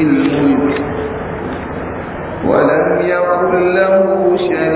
الإذ ولم يقل له شيء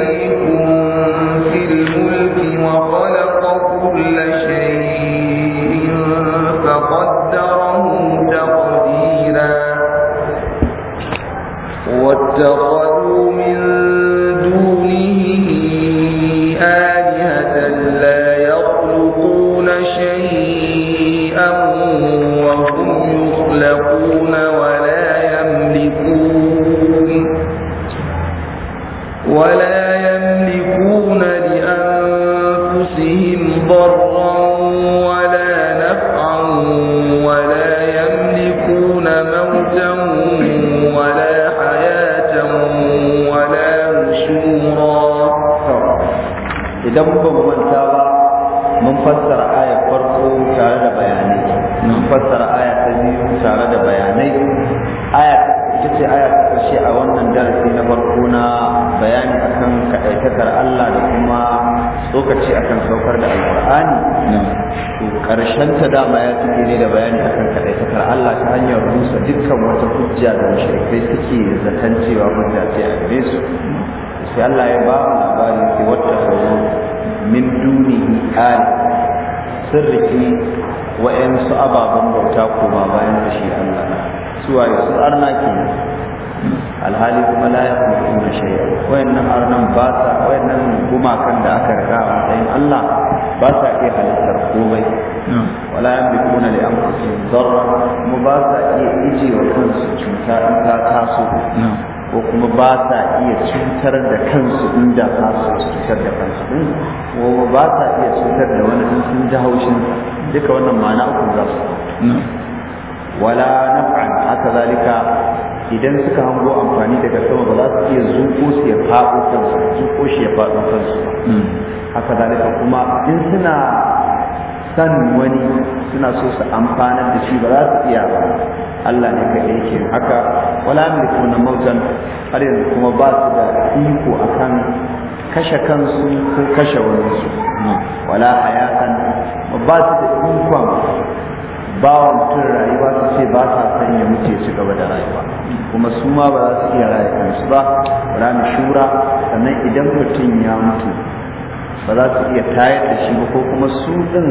ba sa iya cutar da kansu inda za su cutar da kansu din kuma ba sa iya cutar da wani in sun ji haushin duka wannan ma'ana uku za su wala naf'an haka zalika idan suka hango amfani daga sama ba za su iya zuko su ya faɗo kansu zuko shi ya faɗo kansu hmm. haka zalika kuma in suna san wani suna so su amfanar da shi ba za su iya ba Allah ne kaɗai ke haka wala mulku na mautan har yanzu kuma ba su da iko a kan kashe kansu ko kashe su wala kan ba su da ikon ba wa mutum rayuwa su ce ba sa san ya mutu ci gaba da rayuwa kuma su ma ba za su iya raya kansu ba mu shura sannan idan mutum ya mutu ba za su iya tayar da shi ba ko kuma su din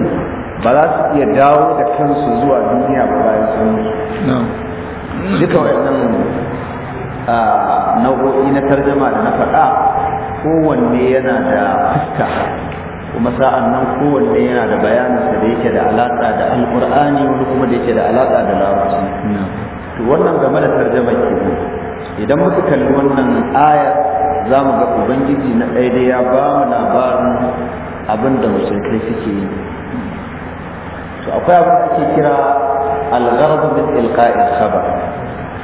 ba za su iya dawo da kansu zuwa duniya ba bayan sun mutu duka waɗannan nau'o'i na tarjama da na faɗa kowanne yana da fuska kuma sa'an nan kowanne yana da bayaninsa da yake da alaƙa da alƙur'ani wani kuma da yake da alaƙa da larabci to wannan game da tarjamar kibu idan muka kalli wannan aya za mu ga ubangiji na ɗaya da ya ba mu labarin abin da musulkai suke yi to akwai abin da suke kira algarbu min ilqa'il khabar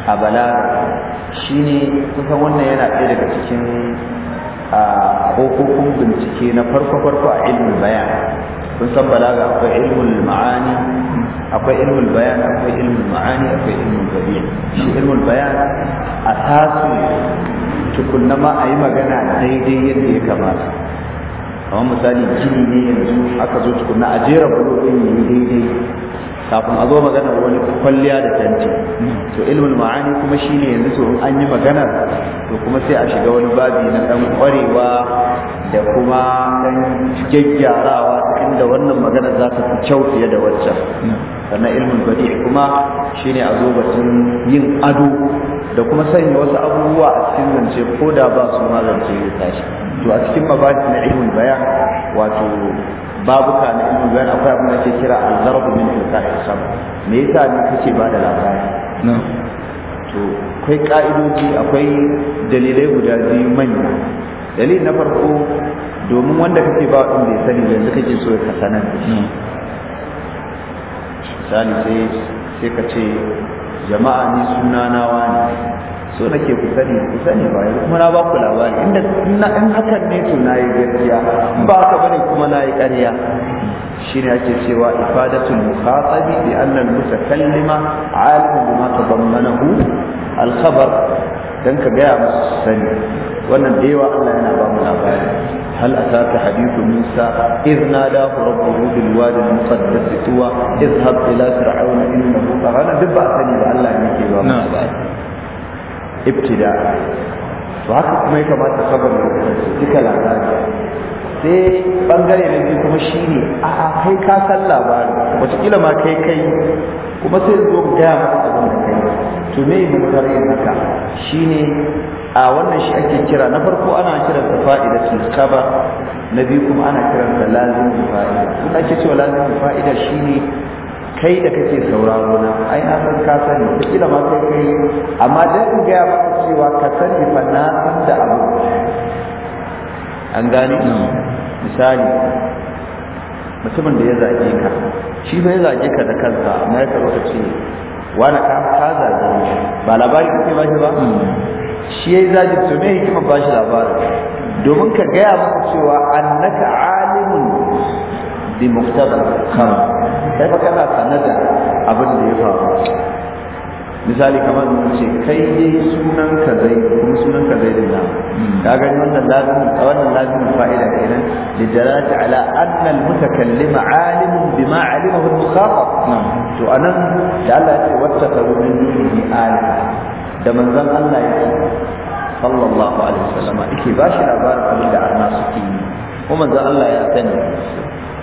a balaga Shi ne kusan wannan yana ɗaya daga cikin abokokun bincike na farko-farko a ilmin bayan kun san balaga akwai ilmul ma'ani akwai ilmul bayan akwai ilmul ma'ani akwai ilmul badi'a shi ilmul bayan a tasu tukunna ma a yi magana daidai yadda ya kamata kamar misali gini ne yanzu aka zo tukuna a jera bulo ɗin ne daidai kafin a zo magana wani kwalliya da tanti to ilmul ma'ani kuma shine yanzu to an yi magana to kuma sai a shiga wani babi na ɗan kwarewa da kuma dan gyaggyarawa inda wannan magana za ta fi kyau fiye da waccan sannan ilmul bari kuma shine a zo batun yin ado da kuma sanya wasu abubuwa a cikin zance ko da ba su ma zance tashi to a cikin mabahis na ilmin bayan wato babuka na ilmin bayan akwai abin da ke kira al-zarbu min a sam me yasa ni kace ba da labari to akwai ka'idoji akwai dalilai guda biyu manya dalilin na farko domin wanda kake ba din bai sani yanzu kake so ka sanar da shi misali sai sai ka ce jama'a ni sunana ne so nake ku sani ku sani ba kuma na ba ku labari inda in hakan ne to na yi gaskiya ba ka bane kuma na yi ƙarya shine ake cewa ifadatul mukhatabi bi anna al mutakallima alimu bima tadammanahu al khabar dan ka ga musu sani wannan da yawa Allah yana ba mu labari hal ataka hadithu Musa idh nadahu rabbuhu bil wadi al muqaddas tuwa idhhab ila fir'auna innahu tagha sani ba Allah yake ba mu labari ibtida to haka kuma ya kamata saboda duka labari sai bangare na biyu kuma shine a kai ka san labari wataƙila ma kai kai kuma sai zo gaya maka abin da kai to me mun kare maka shine a wannan shi ake kira na farko ana kiran sa fa'ida tun kaba na biyu kuma ana kiran sa lazim fa'ida kun ake cewa lazim fa'ida shine kai da kake sauraro na ai na san ka sani kila ma kai kai amma dan ku ga maka cewa ka sani fa na san da abu an gani mm. misali mutumin da ya zage ka shi ba ya zage ka da kansa amma ya karo ka ce wani ka ka zage ba labari kake ba shi ba mm. shi ya zage to me hikima ba shi labarin domin ka gaya maka cewa annaka alimun bi muktaba kama kai fa kana sanar da abin da ya faru misali kamar mun ce kai dai sunan ka zai kuma sunan ka zai dinna ka gani wannan lazimi wannan lazimi fa'ida kenan lidalalati ala anna almutakallim alim bima alimahu al-mukhatab to anan da Allah ya ce wattaqu min dunihi alima da manzon Allah yake sallallahu alaihi wasallam yake bashi labarin abin da Allah suke yi kuma manzon Allah ya sani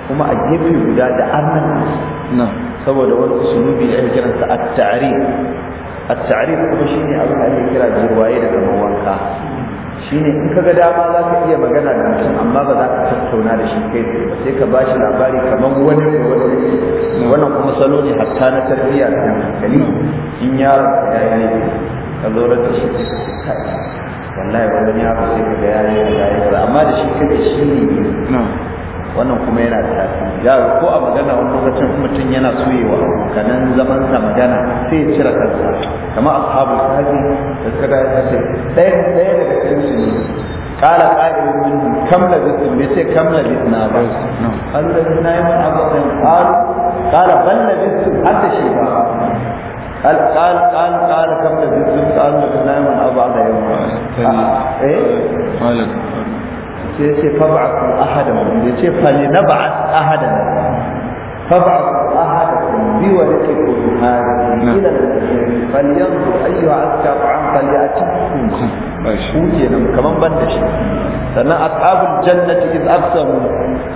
kuma a gefe guda da annan saboda wani usulubi da ake kiransa a tarif A tarif kuma shine abin da ake kira jirwaye da zaman wanka ne in kaga dama za ka iya magana da mutum amma ba za ka tattauna da shi kai ba sai ka ba shi labari kamar wani wani wannan kuma salo ne hatta na tarbiyya da hankali in yaron ya yi ne ka zo da shi wallahi wannan yaro sai ka ga ya yi amma da shi kake shi ne wannan kuma yana da tasiri ko a magana wani lokacin mutum yana soyewa kanan zaman sa magana sai ya cira kansa kamar ashabu kaji da suka da ya ce ɗaya ɗaya daga cikin su ne kala qa'il min kam la labithtum bi sai kam la na ba yi allazina yamabun ah, eh? qalu qala bal labithtum hatta ba قال قال قال قال كم لبثتم قال لبثنا يوما او بعض يوم قال sai ce fab'at ahadan bai ce fali na ba'at ahadan fab'at ahadan bi wa laki kuhari ila falyanzu ayyu azka ta'am falyati ku kenan kaman ban da shi sannan ashabul jannati iz aqsamu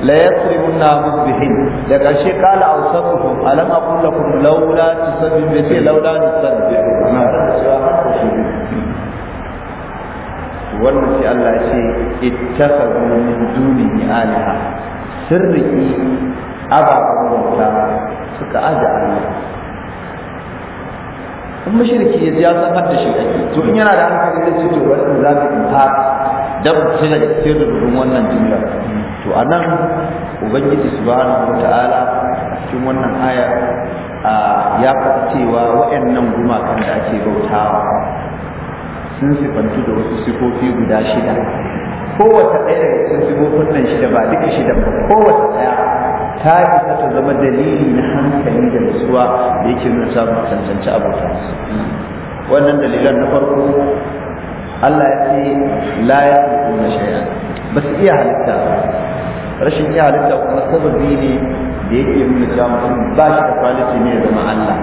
la yasrimunna musbihin da karshe qala awsafuhum alam aqul lakum laula tusabbihu laula nusabbihu wannan shi Allah ya ce ittakhadhu min dunihi alaha sirri ababen bauta suka aje Allah in mushriki ya ji ya san hadda shi ake to in yana da hankali zai ce wannan za ta in har dan da daga sirrin wannan jinya to anan ubangiji subhanahu wataala cikin wannan aya ya faɗi cewa wa'annan gumakan da ake bautawa sun sifantu da wasu sifofi guda shida kowace ɗaya daga cikin sifofin nan shida ba duka shida ba kowace ɗaya ta isa ta zama dalili na hankali da nutsuwa da yake nuna samun cancanci abokansu wannan dalilan na farko Allah ya ce la ya kuma shay'a ba su iya halitta rashin iya halitta kuma sababi ne da yake nuna cewa mutum ba shi da kwaliti ne ya zama Allah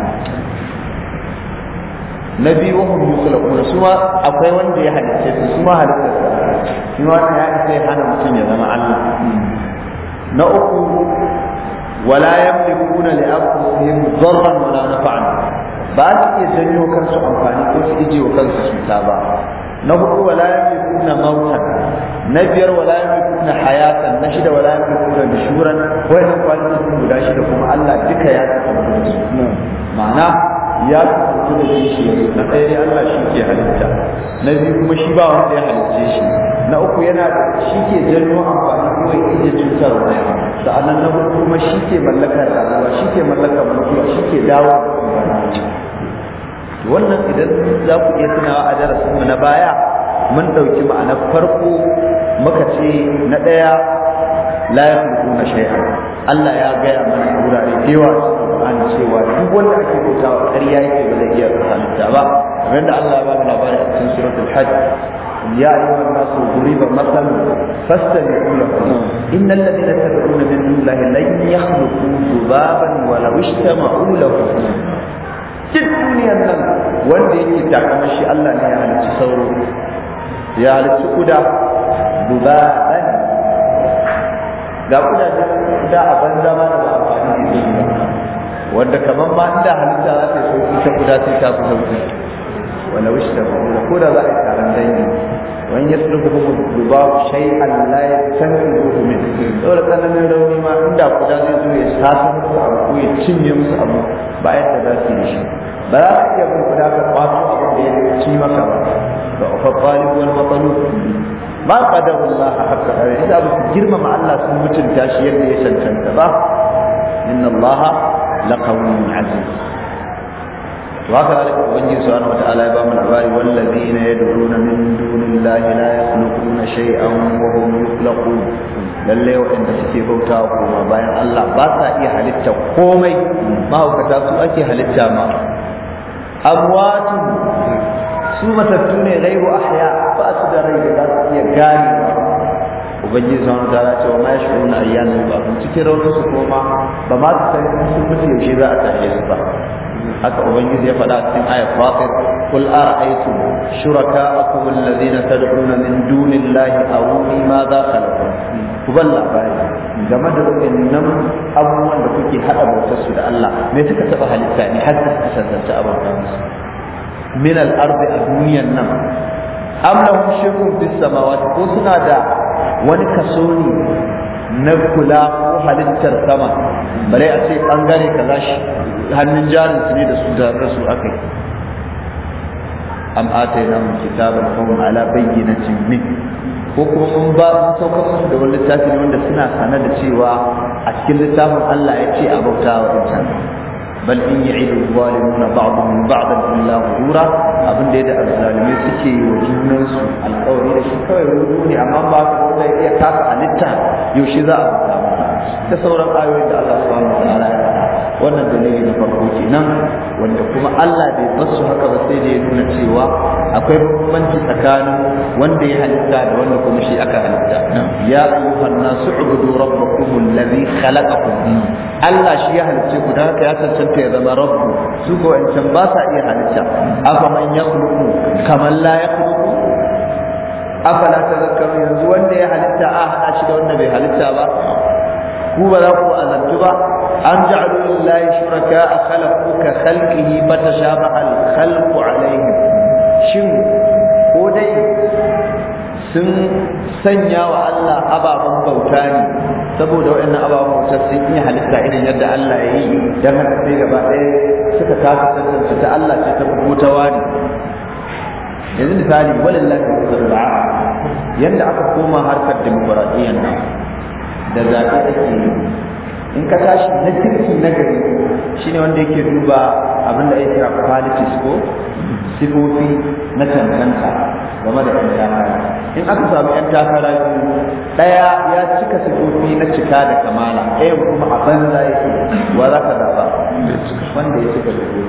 na biyu wahum yukhlaquna su ma akwai wanda ya halicce su su ma halitta shi ma ya isa ya hana mutum ya zama Allah na uku wala yamlikuna li anfusihim dharran wala naf'an ba su iya janyo kansu amfani ko su ije wa kansu cuta ba na hudu wala yamlikuna mautan na biyar wala yamlikuna hayatan na shida wala yamlikuna nushuran wayannan kwalitin guda shida kuma Allah duka ya tsaka su ma'ana ya kuku da shi shi na ɗaya dai Allah shi ke halitta na biyu kuma shi ba wanda ya halicce shi na uku yana shi ke janyo amfani kuma ya iya cutarwa sa'annan na hudu kuma shi ke mallakar rayuwa shi ke mallakar mutuwa shi ke dawo wannan idan za ku iya tunawa a darasinmu na baya mun ɗauki ma'anar farko muka ce na ɗaya la ya na shay'a Allah ya gaya mana wurare da yawa cewa duk wanda ake bautawa ƙarya yake ba zai iya halitta ba kamar da Allah ya ba labari a cikin suratul hajj يا أيها الناس ضرب مثل فاستمعوا له إن الذين تدعون من دون الله لن يخلقوا ذبابا ولو اجتمعوا له duk duniyar nan wanda yake takama shi Allah ne ya halicci sauro ya halicci kuda duba ga kuda da a banza ma da ba amfani da wanda kamar ma inda halitta za ta so ita guda sai ta fi sauki wala wish da kuma ko da za a yi taron dangi wan yasluhu duba shay'an la yastanfihu min saboda tsananin rauni ma inda kuda zai zo ya sasa musu abu ko ya cinye musu abu ba yadda za su yi shi ba za ka iya bin kuda ka kwato abin da ya ci maka ba ga ufaffalin wani matsalu ma qadarullah haqqa qadarihi da ba su girmama Allah sun mutunta shi yadda ya cancanta ba inna Allah لقوم عزيز وهكذا ذلك ubangiji subhanahu wataala ya bamu labari wallazina yad'una min dunillahi la yakhluquna shay'an wa lalle wanda suke bauta kuma bayan Allah ba sa iya halitta komai mahaukata su ake halitta ma amwatu su matattu ne ghairu ahya ba su da rai da za su iya gane ubangiji subhanahu wataala ya ce wa ma kira wasu koma ba ma su san sun mutu yaushe za a tashe su ba haka ubangiji ya faɗa cikin ayat fatir qul ara'aytum shuraka'akum alladhina tad'una min dunillahi aruni ma za khalaqu ku ban labari game da waɗannan abubuwan da kuke haɗa bautar su da Allah me suka taɓa halitta ne har ka sasanta abauta musu min al-ardi a duniyan nan am lahum shirkun fis samawati ko suna da wani kaso ne na kula halittar sama bare a ce bangare kaza shi hannun jarin su ne da su da rasu akai am atayna mu kitaban fahum ala bayyinatin min ko kuma mun ba mun saukar musu da wani littafi ne wanda suna sanar da cewa a cikin littafin Allah ya ce a bauta wa insan bal in ya'idu zalimun ba'dhum ba'dan illa ghurura abin da ya da azzalimi suke yi wa junan su alƙawari da shi kawai rudu ne amma ba ka da iya kasa halitta yaushe za a bauta da sauran ayoyin da Allah subhanahu wa ta'ala ya faɗa wannan dalili na farko kenan wanda kuma Allah bai basu haka ba sai da ya nuna cewa akwai bambanci tsakanin wanda ya halitta da wanda kuma shi aka halitta ya ayyuhan nasu ubudu rabbakum alladhi khalaqakum Allah shi ya halicce ku haka ya cancanta ya zama rabbu su ko wancan ba sa iya halitta afa man yakhluqu kaman la yakhluqu afala tadhakkaru yanzu wanda ya halitta a hada shi da wanda bai halitta ba ku ba za ku azabtu ba an ja'alu lillahi shuraka khalaqu ka ta sha al-khalqu alayhim shin ko dai sun sanya wa Allah ababen bauta ne saboda waɗannan ababen bauta sun iya halitta irin yadda Allah ya yi don haka sai gaba ɗaya suka kasa tantance ta Allah ce ta fito ta wani yanzu misali walillahi da yadda aka koma harkar dimokuraɗiyyar nan da zaɓe ake yi in ka tashi na kirki na gari Shi ne wanda yake duba abin da ya kira qualities ko sifofi na cancanta game da ɗan takara in aka samu ɗan takara biyu ɗaya ya cika sifofi na cika da kamala ɗaya kuma a banza yake wa za ka zaɓa wanda ya cika sifofi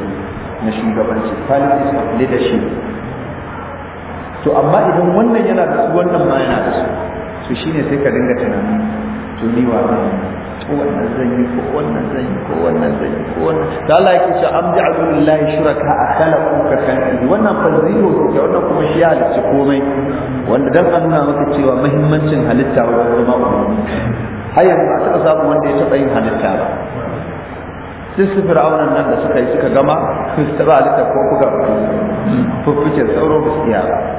na shugabanci qualities of leadership to amma idan wannan yana da su wannan ma yana da su to shine sai ka dinga tunani to ni ko wannan zan yi ko wannan zan yi ko wannan zan yi ko wannan da Allah yake cewa am ja'alu lillahi shuraka a khalaqu ka kalbi wannan fa zero ke wannan kuma shi ya halicci komai wanda dan an nuna maka cewa muhimmancin halitta wajen zama umarni har yanzu a taɓa wanda ya taɓa yin halitta ba duk su fir'aunan nan da suka yi suka gama su taɓa halitta ko kuka fuffuke sauro ba su iya ba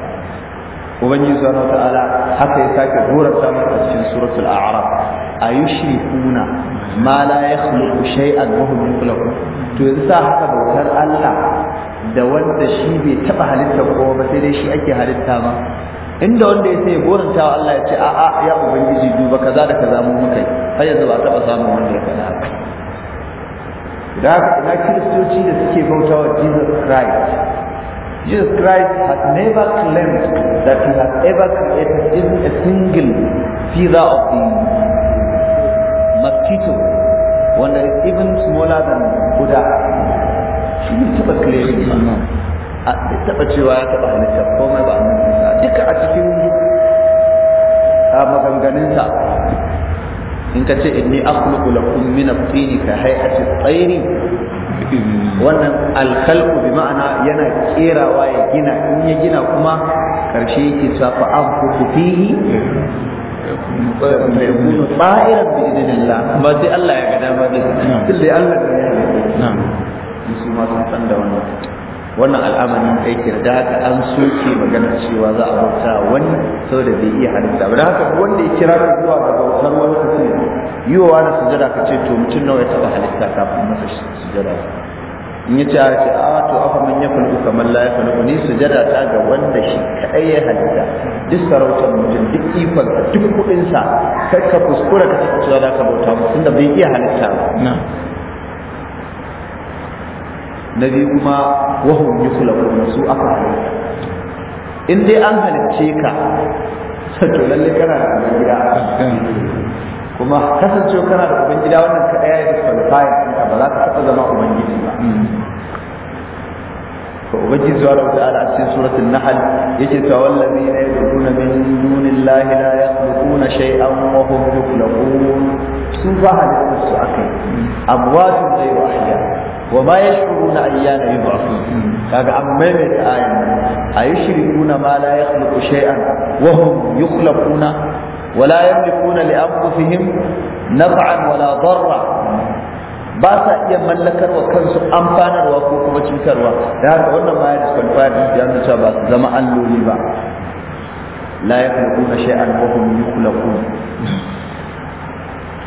ubangiji subhanahu wataala haka ya sake goranta masa a cikin suratul a'raf ayushrikuna ma la yakhluqu shay'an wa hum yakhluqun to yanzu sa haka bautar Allah da wanda shi bai taba halitta kowa ba sai dai shi ake halitta ba inda wanda ya sai goranta wa Allah ya ce a'a ya ubangiji duba kaza da kaza mun muka har yanzu ba taba samun wanda ya faɗa haka da haka ina kiristoci da suke bautawa Jesus Christ Jesus Christ has never claimed that he has ever created even a single feather of the mosquito, one that is even smaller than Buddha. Shi ne taɓa claiming wannan. A taɓa cewa ya taɓa halitta mai ba halitta duka a cikin maganganunsa. In ka ce inni akhluqu lakum min at-tini ka hay'ati at-tayri wannan alkhalqu bi ma'ana yana kerawa ya gina in ya gina kuma karshe yake cewa fa anfusu fihi fa yakunu ta'iran bi idnillah ba sai Allah ya ga dama din sai Allah ya ga dama na'am su ma sun san da wannan wannan al'amarin kai ke da haka an soke magana cewa za a bauta wani da bai iya halitta ba da haka wanda ya kira ka zuwa ga bautar wani ka ce yi wa wani sujada ka ce to mutum nawa ya taɓa halitta kafin masa sujada in ya ce a ce a to afa man ya kulku kamar la ya kulku ni sujada ta ga wanda shi kaɗai ya halitta duk sarautar mutum duk ikon duk kuɗinsa kar ka kuskura ka taɓa cewa za ka bauta mutum da bai iya halitta ba na biyu kuma wahum yukhlaquna su aka in dai an halicce ka to lalle kana da ubangida kuma kasancewa kana da ubangida wannan ka daya da qualifying ɗinka ba za ka taɓa zama ubangiji ba ubangiji subhanahu wa ta'ala a cikin suratul nahl yake cewa wallazina yad'una min dunillahi la yakhluquna shay'an wa hum yukhluqun su ba halittu su akai amwatun ghayru wa ma yashuruna ayyana yub'athu kaga an maimaita ayan ayushrikuna ma la yakhluqu shay'an wa hum yukhlaquna wa la yamlikuna li anfusihim naf'an wa la darra ba sa iya mallakar wa kansu amfanarwa ko kuma cutarwa da haka wannan ma ya disqualify din da nuna ba su zama alloli ba la yakhluquna shay'an wa hum yukhlaqun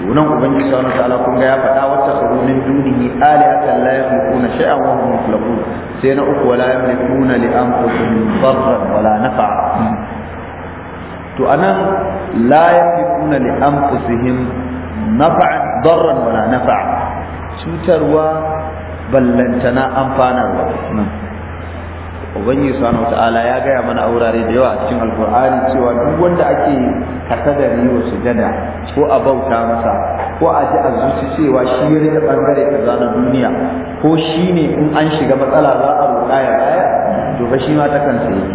to nan ubangiji subhanahu wa ta'ala kun ga ya faɗa wata min duniya. آلهة لا يملكون شيئا وهم يخلقون سينا أخوة ولا يملكون لأنفسهم ضرا ولا نفعا to anan la yamlikuna li anfusihim naf'an darran wala naf'a cutarwa ballantana amfanarwa ubangiji subhanahu ta'ala ya gaya mana wurare da yawa a cikin alkur'ani cewa duk wanda ake takadari wa sujada ko a bauta masa ko a ji a zuci cewa shi ya rika bangare kaza zana duniya ko shi ne in an shiga matsala za a roƙa ya baya to ba shi ma ta kansa yake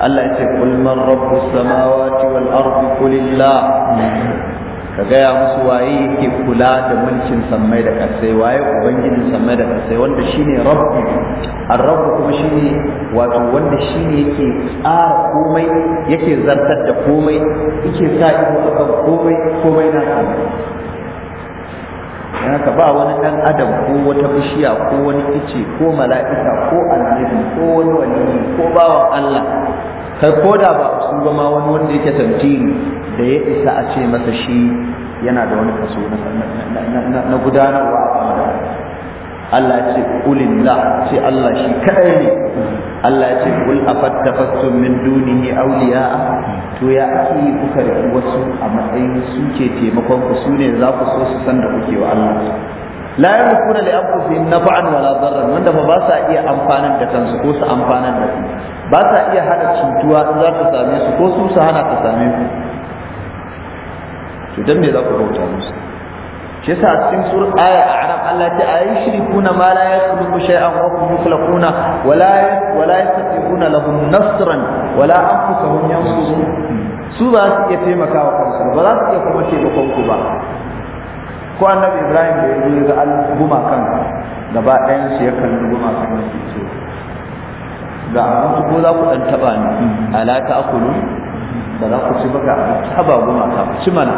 Allah ya ce kul man rabbu samawati wal ardi kulillah ka gaya musu waye yake kula da mulkin sammai da kasai waye ubangijin sammai da kasai wanda shine rabbi ar-rabb kuma shine wato wanda shine yake tsara komai yake zartar da komai yake sa ido akan komai komai na don haka ba wani ɗan adam ko wata bishiya ko wani ice ko mala'ika ko annabi ko wani wani ko bawan Allah kai ko da ba su ba ma wani wanda yake tantini da ya isa a ce masa shi yana da wani kaso na gudanarwa a Allah ya ce kulillah ce Allah shi kadai ne Allah ya ce kul afattafattum min dunihi awliya to ya ake kuka da wasu a matsayin su ke taimakon ku su ne za ku so su san da kuke wa Allah la yakuna li anfusihim naf'an wala darran wanda ba sa iya amfanan da kansu ko su amfanan da su ba sa iya hada cutuwa za ta same su ko su su hana ta same ku to dan me za ku bauta musu shi yasa cikin sur aya a arab Allah ta ayi shirkuna ma la yakhluqu shay'an wa hum yukhlaquna wala la wa la yastati'una lahum nasran wa la anfusuhum yansurun su ba su iya taimakawa kansu ba za su iya kuma taimakon ku ba ko annabi Ibrahim da ya zo ga al kan gaba ɗayan shi ya kalli guma kan shi ga abinci ko za ku ɗan taɓa ni alaka akulu ba za ku ci ba ga abinci haba guma ka ci mana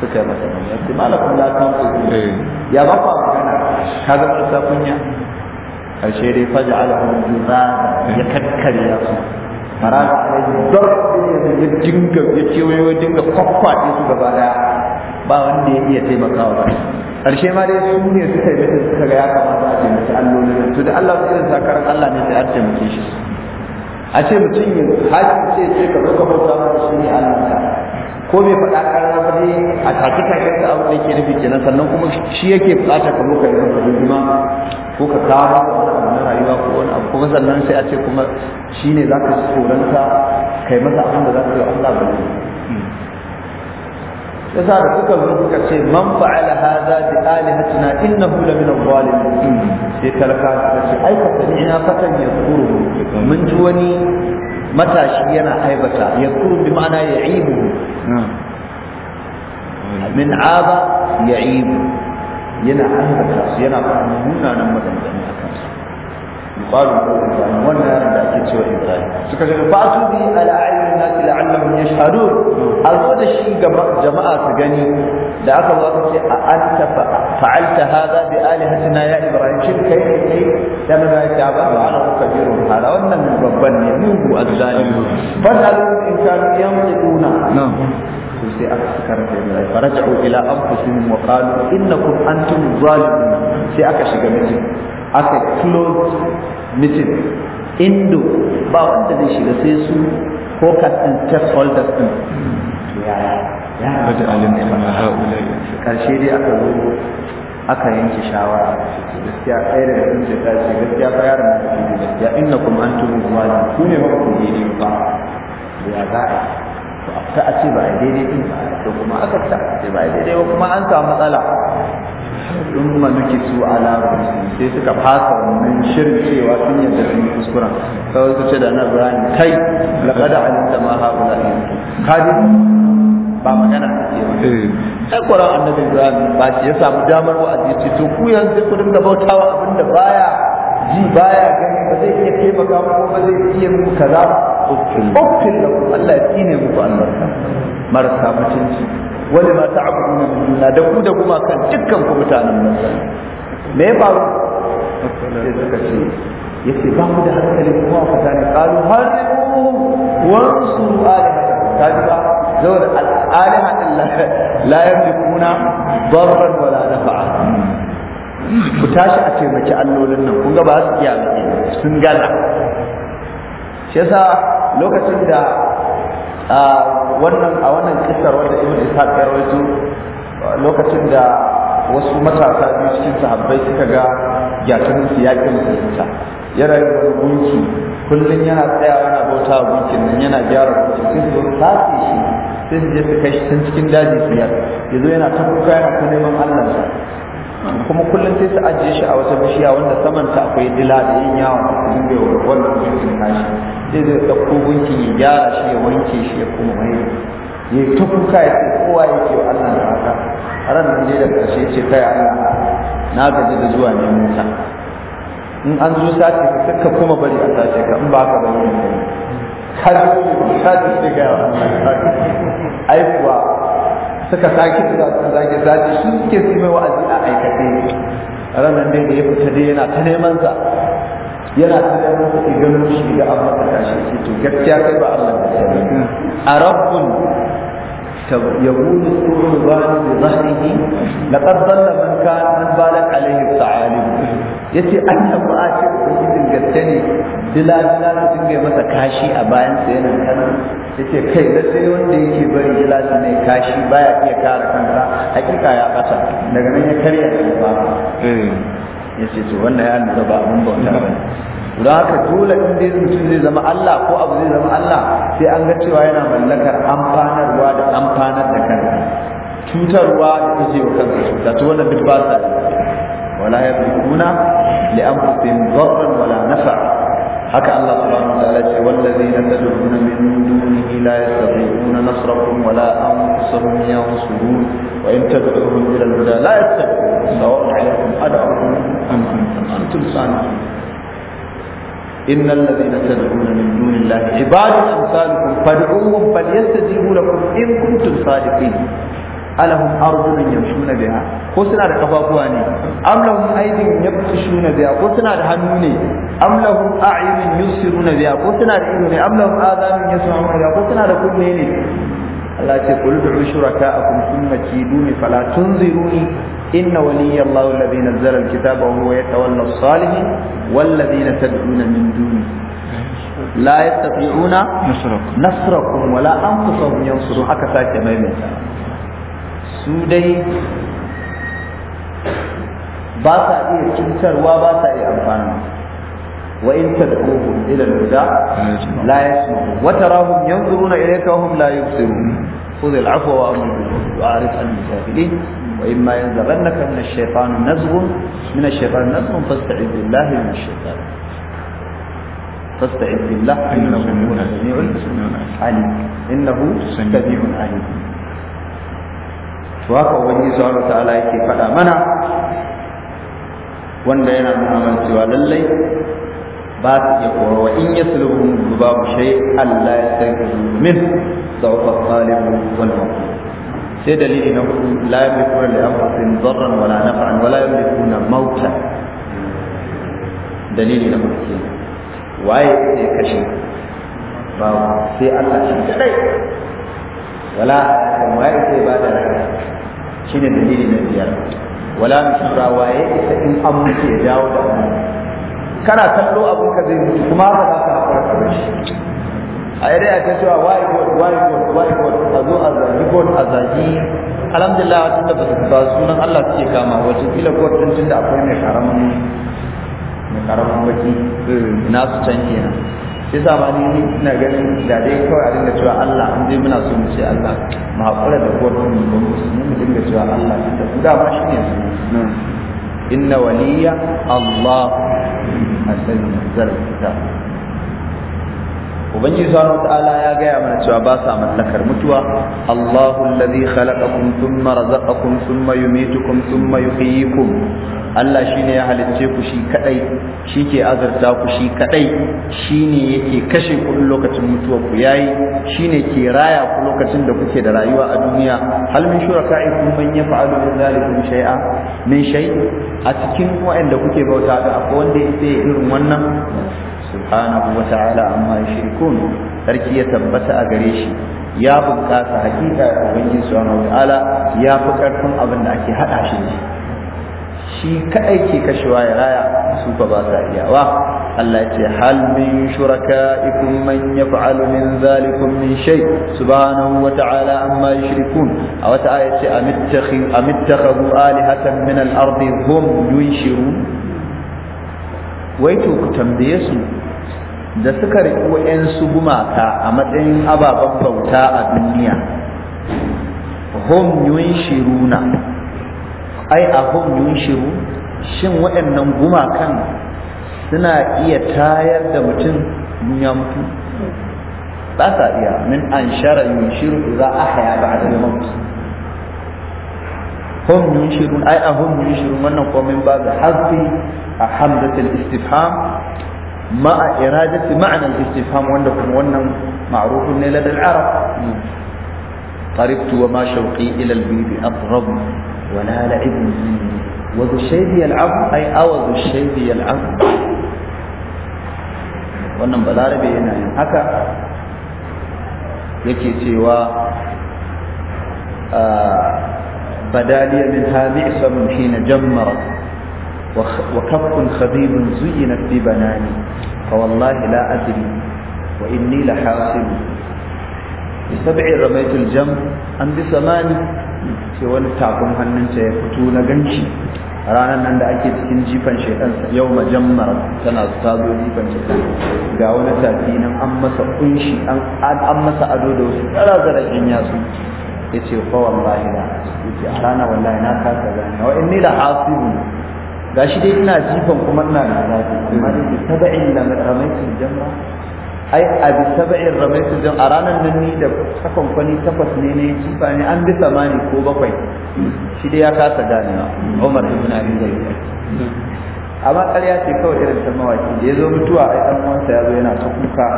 suka masa ne sai da kan ta eh. ya ba kana magana ka ga ta kunya karshe dai faja alahum juza ya kakkarya su a alaihi darbi ya dinga ya ce wai wai dinga kwakwace su gaba daya ba wanda ya iya taimakawa karshe ma dai su ne suka yi mutum suka ga ya kamata a taimaki allolin su da Allah su irin sakarar Allah ne sai an taimake shi a ce mutum yin hajji ce ce ka zo ka bauta shi ne Allah ko bai faɗa ƙarar ba dai a take take ka abin da yake nufi kenan sannan kuma shi yake buƙata ka lokacin da ka hidima ko ka kawo masa rayuwa ko wani abu kuma sannan sai a ce kuma shi ne za ka tsoranta kai masa abin da za ka yi Allah ba ne yasa da kuka zo kuka ce man fa'ala hadha bi alihatina innahu la min al-zalimin sai talaka ta ce ai ka sani ina fatan ya tsuru mun ji wani matashi yana aibata ya kuru bi ma'ana ya ibu min aba ya ibu yana aibata yana nuna nan maganganu a babu wannan wannan da ake cewa Ibrahim suka ce fa bi ala nas la'allahum yashhadun azo da shi ga jama'a su gani da aka zo aka ce a anta fa'alta hadha bi alihatina ya Ibrahim shin kai ne kai da ta ba wa hala wannan babban ne mugu azzalimi fa alu in kanu na'am sai aka ila anfusihim wa qalu innakum antum zalimun sai aka shiga miji aka close mitin indo ba wanda zai shiga sai su ko din test holders din Ya ya ya da alim kana haula karshe dai aka zo aka yanke shawara gaskiya ɗaya daga cikin ta ce gaskiya fa yaron da ke gaskiya innakum antum zalim ku ne ba ku yi ba ya ga ta a ce ba daidai din ba to kuma aka ta ce ba daidai ba kuma an samu matsala sun manuki su ala sai suka fasa wannan shirin cewa sun yadda sun yi kuskuren kawai su ce da na birane kai a nita ma haula kadi ba magana ce ba eh. ai ƙwarar annabi birane ba ya samu damar wa'azi ce to ku yanzu ku dinga bautawa abin da baya ji baya gani ba zai iya taimaka muku ba zai iya muku kaza ba uffin da Allah ya tsine muku albarka marasa mutunci wani ma abu min dunna da ku da kuma kan dukkan ku mutanen nan me ya faru sai suka ce yace ba mu da hankali kuma ku tani qalu haribu wa ansuru alihatakum kaji ba zawar al'alihatin la yamlikuna darran wala nafa'a ku tashi a taimaki allolin nan kun ga ba su iya sun gaza shi yasa lokacin da wannan a wannan kisar wanda ibn ishaq ya rawaito lokacin da wasu matasa biyu cikin sahabbai suka ga gyatun su ya su ta yana yin gunki kullum yana tsaya yana bauta a gunkin nan yana gyara gunkin sai su zo sace shi sai su je su kai shi sun cikin daji su yar yanzu yana ta kuka yana neman allah kuma kullum sai su ajiye shi a wata bishiya wanda saman ta akwai dila da yin yawon da wannan gunkin tashi sai zai ɗauko gunki ya gyara shi ya wanke shi ya kuma mai ya ta kuka ya ce kowa ya ke Allah da haka ran nan da ƙarshe ce kai Allah na gaji da zuwa ne mota in an zo sati ka kakka kuma bari a sati ka in ba ka bari ne ka ji ka ji sai ga ai kuwa suka sake zuwa sun zage zaci su suke su mai wa'azi a tsaye ranar da ya fita dai yana ta neman sa yana ta neman sa ki gano shi da an masa kashi ce to gaskiya kai ba Allah da sani a rabbun يقول السوء الغالي بظهره لقد ضل من كان من بالت عليه الثعالب yace an taba a ce gaske ne dila dila sun dinga masa kashi a bayan sa yana kana yace kai da sai wanda yake bari dila su ne kashi baya iya kare kansa hakika ya kasa daga nan ya karya shi ba hmm. yace to wannan ya nuna ba abun bauta ba don haka dole in dai mutum zai zama Allah ko abu zai zama Allah sai an ga cewa yana mallakar amfanarwa da amfanar da kanka cutarwa da take wa kansa cuta to wannan duk ba sa wala yadrikuna li anfusihim darran wala nafa'a حكى الله سبحانه وتعالى والذين تدعون من دونه لا يستطيعون نصركم ولا انفسهم ينصرون وان تدعوهم الى الهدى لا يستطيعون سواء عليكم ادعوهم ام انتم انتم ان الذين تدعون من دون الله عباد امثالكم فادعوهم فليستجيبوا لكم ان كنتم صادقين alahum arjulun yamshuna biha ko suna da kafafuwa ne am lahum aydin yabtishuna biha ko suna da hannu ne am lahum a'yunun yusiruna biha ko suna da ido ne am lahum adhanun yasma'una biha ko suna da kunne ne Allah ce qul ud'u shuraka'akum thumma kiduni fala tunziruni inna waliyya Allah alladhi nazzala al-kitaba wa huwa yatawalla as-salihin walladhina tad'una min dunihi لا يستطيعون نصركم ولا أنفسهم ينصرون حكا ساكي ميمتا su dai ba sa iya cutarwa ba sa iya amfani wa in tad'uhum ila al-huda la yasma'u wa tarahum yanzuruna ilayka wa hum la yubsirun خذ العفو وامر بالعرف واعرف عن المسافرين واما ينزغنك من الشيطان نزغ من الشيطان نزغ فاستعذ بالله من الشيطان فاستعذ بالله انه سميع عليم انه سميع عليم to haka ubangiji subhanahu ta'ala yake faɗa mana wanda yana nuna mana cewa lallai ba su iya koro wa in yasluhum babu shay Allah ya sarki min sawfa talib wal sai dalili na hudu la yamlikuna li anfusihim darran wala naf'an wala yamlikuna mautan dalili na hudu waye sai kashe ba sai Allah shi kadai wala kuma ya ce ba da rayuwa shine dalili na biyar wala nushura waye isa in an mutu ya dawo da annabi kana kallo abin ka zai mutu kuma ba za ka haƙura da shi a yi dai a ta cewa why god why god why god a zo a zagi god a zagi alhamdulillah tun da ba sunan Allah suke kama wata kila god din tun da akwai mai karamin mai karamin baki na su can kenan shi za ba ni ina ganin da dai kawai a dinga cewa Allah an dai muna so mu ce Allah mu haƙura da kowa mu mu mu dinga cewa Allah da ku da ba shi ne su inna waliya Allah asalin zarar kitab ubangiji subhanahu ta'ala ya gaya mana cewa ba sa mallakar mutuwa Allahu allazi khalaqakum thumma razaqakum thumma yumitukum thumma yuhyikum Allah shine ya halicce ku shi kadai ke azurta ku shi kadai shine yake kashe ku lokacin mutuwar ku yayi shine ke raya ku lokacin da kuke da rayuwa a duniya hal min shuraka'ikum man yaf'alu min dhalikum shay'a min shay a cikin wa'anda kuke bauta da akwai wanda yake irin wannan subhanahu wa ta'ala amma yushrikun sarki ya tabbata a gare shi ya bunƙasa hakika ubangiji subhanahu wa ta'ala ya fi karfin abin da ake hada shi ne shi kadai ke kashewa ya raya su fa ba sa iyawa Allah ya ce hal min shuraka'ikum man yaf'alu min zalikum min shay subhanahu wa ta'ala amma yushrikun a wata aya ce amittakhadhu amittakhadhu alihatan min al-ardi hum yunshirun wai to ku tambaye su da suka riƙi su gumaka a matsayin ababen bauta a duniya hom yun na? ai a hom yun shiru shin waɗannan gumakan suna iya tayar da mutum ya mutu ba sa iya min an shara yun shiru za a haya ba a da hom yun ai a hom yun shirun wannan komin ba da hasbi a hamdatul istifham ma'a iradati ma'anar istifham wanda kuma wannan ma'rufun ne ladal arab طربت وما شوقي إلى البيض أطرب ولا لعب وذو الشيب يلعب أي أوذ الشيب يلعب wannan balarabe yana yin haka yake cewa ah, badaliya min ha bi'sa min وكف خبيب زينت ببناني فوالله لا أدري وإني لحاصل بسبع رميت الجم أم بثمان sai wani tafin hannunta ya fito na ganci ranar nan da ake cikin jifan shaitan yau majammar tana ta zo jifan shaitan ga wani tafi an masa kunshi an masa ado da ya ce wallahi na a rana wallahi na kasa wa inni gashi dai ina jifan kuma ina da zafi amma dai saba'in da ramaitin jama'a ai a bi saba'in ramaitin jama'a a ranar nan ni da sakon kwani takwas ne ne jifa ne an bi samani ko bakwai shi dai ya kasa ganewa Umar ibn Abi Zayd amma ƙarya ce kawai irin ta mawaki da ya zo mutuwa ai dan wansa ya zo yana ta kuka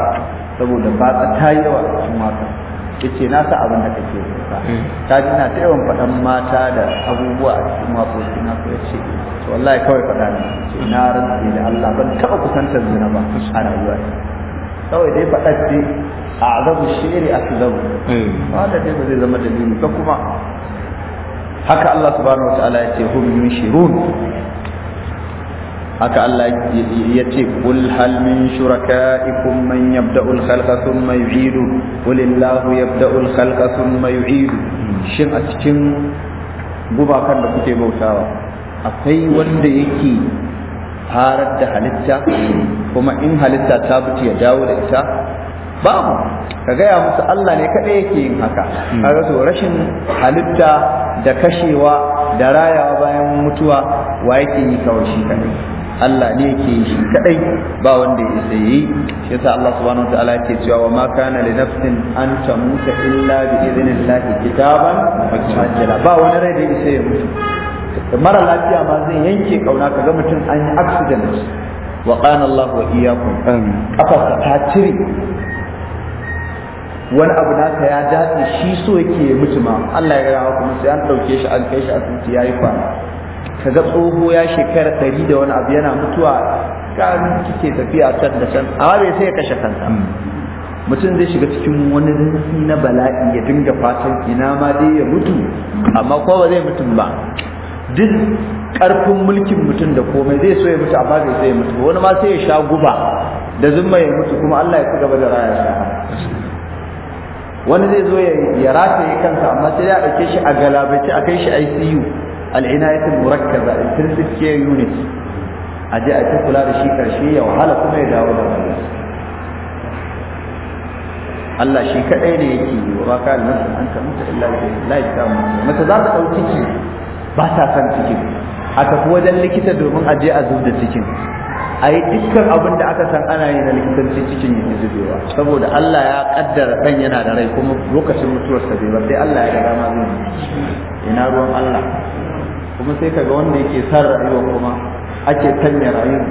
saboda ba ta yawa a cikin wasan. yace na sa abin da kake kuka hmm. ta ji na ta yawan faɗan mata da abubuwa a cikin waƙoƙi na ko yace to wallahi kawai faɗa ne ce na rantsi da Allah ban taɓa kusantar zina ba a rayuwa kawai dai fada ce a azabu shiri aslam hmm. wanda dai ba zai zama dalili ba kuma haka Allah subhanahu wa ta'ala yace hum yushirun haka Allah ya ce kul hal min shuraka'ikum man yabda'ul khalqa thumma yu'idu qul illahu yabda'ul khalqa thumma yu'idu shin a cikin kan da kuke bautawa akwai wanda yake farar da halitta kuma in halitta ta fice ya dawo da ita babu ka gaya musu Allah ne kaɗai yake yin haka hmm. kaga to rashin halitta da kashewa da rayawa bayan mutuwa wa yake yi kawai shi kaɗai Allah ne yake yi shi kadai ba wanda ya isa yi shi yasa Allah subhanahu wataala yake cewa wa ma kana li nafsin an tamuta illa bi idnillahi kitaban ajala ba wani rai da isa ya mutu mara lafiya ma zai yanke kauna kaga mutum an yi accident wa qana Allah wa iyyakum amin ta cire wani abu naka ya dace shi so yake ya mutu ma Allah ya ga kuma sai an dauke shi an kai shi asibiti yayi kwana kaga tsoho ya shekara ɗari da wani abu yana mutuwa kan kike tafiya can da can amma bai sai ya kashe kansa hmm. mutum zai shiga cikin wani rinsi na bala'i ya dinga fatan ina ma dai ya mutu amma ko ba zai mutum ba duk karfin mulkin mutum da komai zai so ya mutu amma bai so ya mutu wani ma sai ya sha guba da zumma ya mutu kuma Allah ya ci gaba da raya shi wani zai zo ya rataye kansa amma sai ya ɗauke shi a galabaci a kai shi ICU al'inayatul murakkaza intrinsic care unit a je a kula da shi karshe ya wahala kuma ya dawo da wani Allah shi kadai ne yake yi wa baka da nasu an ta mutu illa bi lahi ta mutu mace za ta dau ciki ba ta san cikin a tafi wajen likita domin a je a zub da cikin a yi dukkan abin da aka san ana yi na likitanci cikin zubewa saboda Allah ya kaddara ɗan yana da rai kuma lokacin mutuwarsa bai ba sai Allah ya ina ruwan Allah kuma sai kaga wanda yake sa rayuwa kuma ake tanya rayuwa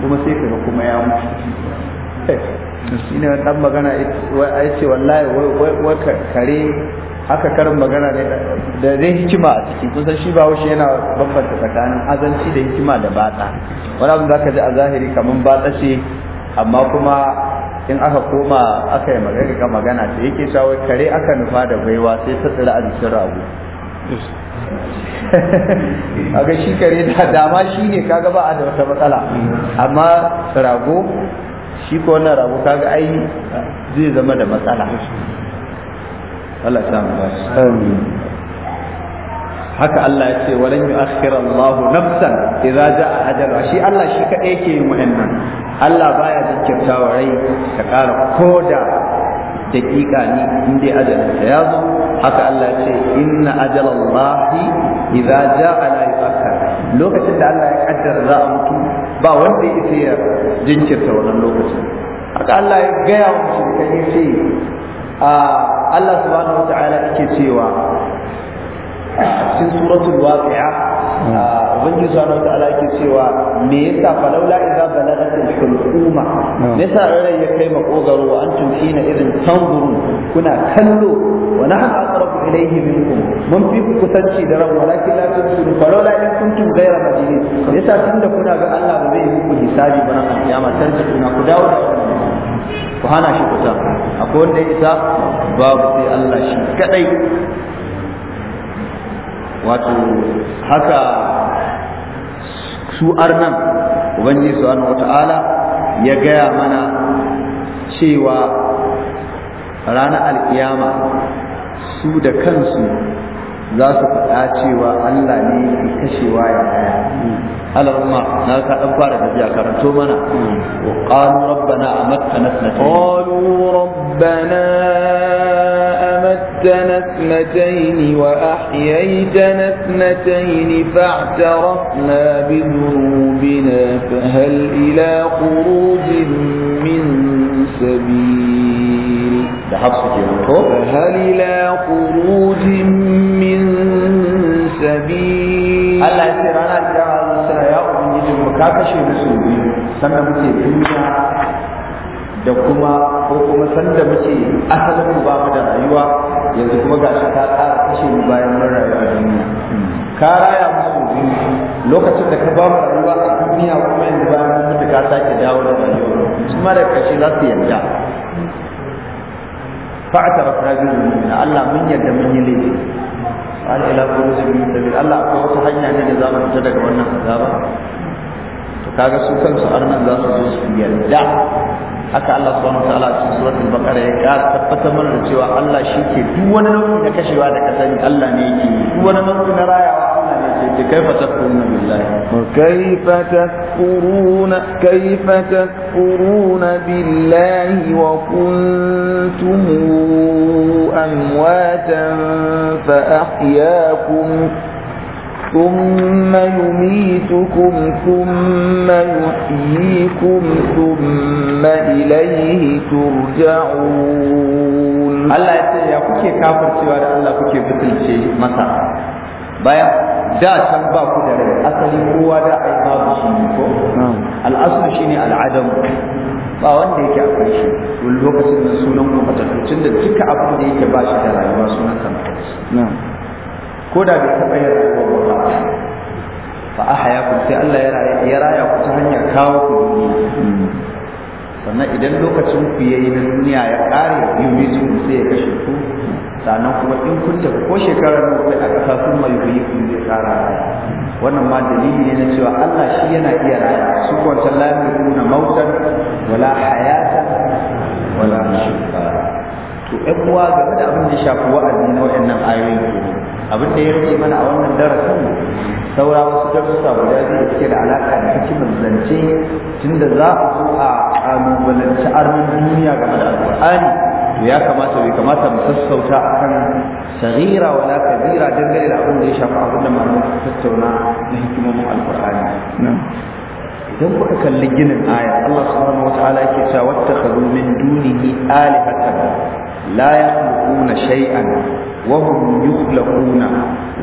kuma sai kaga kuma ya mutu shi dan magana ai ce wallahi wai kare haka karin magana ne da zai hikima a ciki kusa shi ba wuce yana bambanta tsakanin azanci da hikima da batsa wani abin zaka ka ji a zahiri kamar batsa ce amma kuma in aka koma aka yi magana ga magana ta yake cewa kare aka nufa da baiwa sai ta tsira a jikin rago ga shi kare da dama shi ne kaga ba a da wata matsala amma rago shi ko wannan rago kaga ai zai zama da matsala Allah samu haka Allah ya ce walan yu'akhkhira Allahu nafsan idza jaa ajalha shi Allah shi kadai yake yin wannan Allah baya wa rai ta kara koda daƙiƙa ne in ajalin ta ya zo haka Allah ce inna ajalallahi idza jaa la yu'akkar lokacin da Allah ya kaddara za a mutu ba wanda ya ya jinkirta wannan lokacin haka Allah ya gaya mutu mushrikai ya ce Allah subhanahu wa ta'ala yake cewa a cikin suratul waqi'a ubangiji subhanahu ala yake cewa me yasa laula idza balagat al-hulquma hmm. me yasa rai ya kai makogaro wa antum hina irin tanzuru kuna kallo wa nahnu aqrabu ilayhi minkum mun fi kusanci da ran walakin la fa laula in kuntum ghayra majlis me yasa tunda kuna ga Allah ba zai muku hisabi ba nan kiyama tarji kuna ku dawo ku hana shi kusa akwai wanda ya isa babu sai Allah shi kadai wato haka su arnan ubangiji subhanahu wata'ala ya gaya mana cewa ranar alkiyama su da kansu za su faɗa cewa Allah ne ke kashewa ya haya alamma na ka ɗan fara tafiya karanto mana wa qalu rabbana amattana sanatayn qalu rabbana أموتنا اثنتين وأحييتنا اثنتين فاعترفنا بذنوبنا فهل إلى خروج من سبيل فهل إلى خروج من سبيل الله يسير أنا أتعلم يا أبني جمع كاكشي بسوبي سنة بسيطة da kuma ko kuma sanda muke asalin mu ba mu da rayuwa yanzu kuma ga shi ta ƙara kashe mu bayan mun rayu a duniya ka raya mu su biyu lokacin da ka ba mu rayuwa a duniya kuma yanzu bayan mun mutu ka sake dawo da rayuwa su ma da ƙarshe za su yarda fa'tarafa bil na Allah mun yarda mun yi laifi ila الى su من da Allah ko wata hanya ne da za mu fita daga wannan azaba kaga su kansu arnan za su zo su yarda haka Allah subhanahu wataala cikin suratul baqara ya ka tabbatar mana da cewa Allah shi ke duk wani nau'i na kashewa da ka Allah ne yake duk wani nau'i na rayawa Allah ne yake kaifa takfuruna billahi kaifa takfuruna kaifa takfuruna billahi wa kuntum amwatan fa ahyaakum ثم يميتكم ثم يحييكم ثم إليه ترجعون الله يقول يا كوكي كافر سوى الله كوكي بطل شيء مثلا بايا da can ba ku da rai asali kowa da ai babu shi ne ko al'asu shine al'adam ba wanda yake akwai shi wani lokacin da sunan mu matattu tun da duka abu da yake ba shi da rayuwa sunan kan ko da bai taɓa yin rayuwar ba fa haya ku sai Allah ya raya ya raya ku ta hanyar kawo ku duniya sannan idan lokacin ku yayi na duniya ya ƙare yumitu sai ya kashe ku sannan kuma in kun tafi ko shekarar da sai aka sa sun mai yi kun zai tsara wannan ma dalili ne na cewa Allah shi yana iya raya su kwanta la yakuna mautan wala hayata wala nushqa to ɗan uwa game da abin da shafi wa'azi na waɗannan ayoyin kenan abin da ya rage mana a wannan darasin saura wasu darussa guda biyu da suke da alaka da hikimar zance tunda za a zo a kalubalanci arnin duniya game da alƙur'ani to ya kamata bai kamata mu sassauta akan sagira wala kabira dangane da abin da ya shafi abin da malamin su tattauna na hikimomin alƙur'ani idan kuka kalli ginin aya Allah subhanahu wataala yake cewa wattakhadhu min dunihi alihatan la yakhluquna shay'an وهم يخلقون